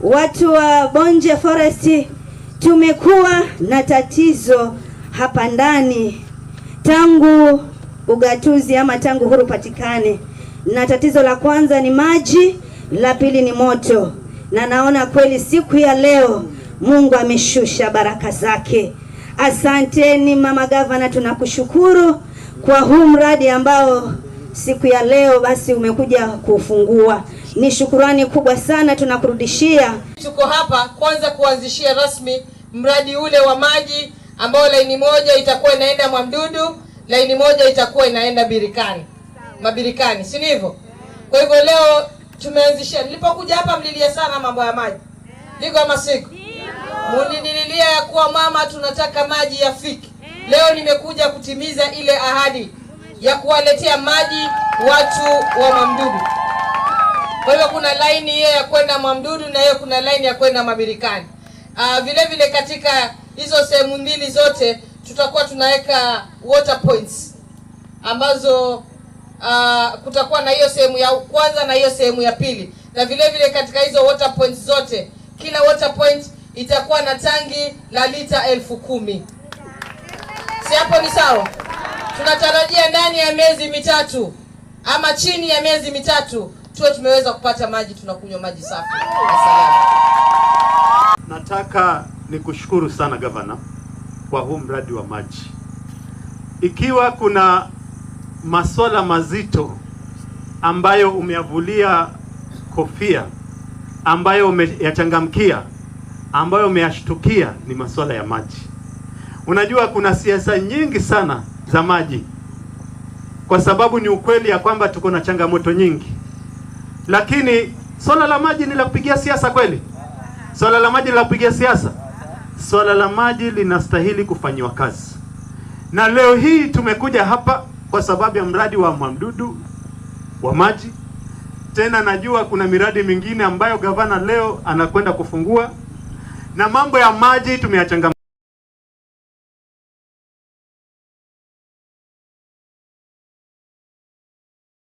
Watu wa Bonje Forest Tumekuwa na tatizo hapa ndani tangu ugatuzi ama tangu huru patikane, na tatizo la kwanza ni maji, la pili ni moto, na naona kweli siku ya leo Mungu ameshusha baraka zake. Asanteni mama gavana, tunakushukuru kwa huu mradi ambao siku ya leo basi umekuja kufungua. Ni shukurani kubwa sana tunakurudishia. Tuko hapa kwanza kuanzishia rasmi mradi ule wa maji ambao laini moja itakuwa inaenda Mwamdudu, laini moja itakuwa inaenda Birikani, Mabirikani, si hivyo? Kwa hivyo leo tumeanzishia. Nilipokuja hapa mlilia sana mambo ya maji, niko ama siku mlinililia ya kuwa mama, tunataka maji yafiki. Leo nimekuja kutimiza ile ahadi ya kuwaletea maji watu wa Mwamdudu. Kwa hivyo kuna laini hiyo ya kwenda Mwamdudu na hiyo kuna laini ya kwenda Mabirikani. Uh, vile vile katika hizo sehemu mbili zote tutakuwa tunaweka water points ambazo uh, kutakuwa na hiyo sehemu ya kwanza na hiyo sehemu ya pili, na vile vile katika hizo water points zote kila water point itakuwa na tangi la lita elfu kumi. Si hapo ni sawa? Tunatarajia ndani ya miezi mitatu ama chini ya miezi mitatu tuwe tumeweza kupata maji, tunakunywa maji safi Nataka nikushukuru sana gavana kwa huu mradi wa maji. Ikiwa kuna masuala mazito ambayo umeyavulia kofia, ambayo umeyachangamkia, ambayo umeyashtukia ni masuala ya maji. Unajua kuna siasa nyingi sana za maji, kwa sababu ni ukweli ya kwamba tuko na changamoto nyingi lakini swala la maji ni la kupigia siasa kweli? Swala la maji ni la kupigia siasa? Swala la maji linastahili kufanyiwa kazi, na leo hii tumekuja hapa kwa sababu ya mradi wa Mwamdudu wa maji. Tena najua kuna miradi mingine ambayo gavana leo anakwenda kufungua, na mambo ya maji tumeyachanga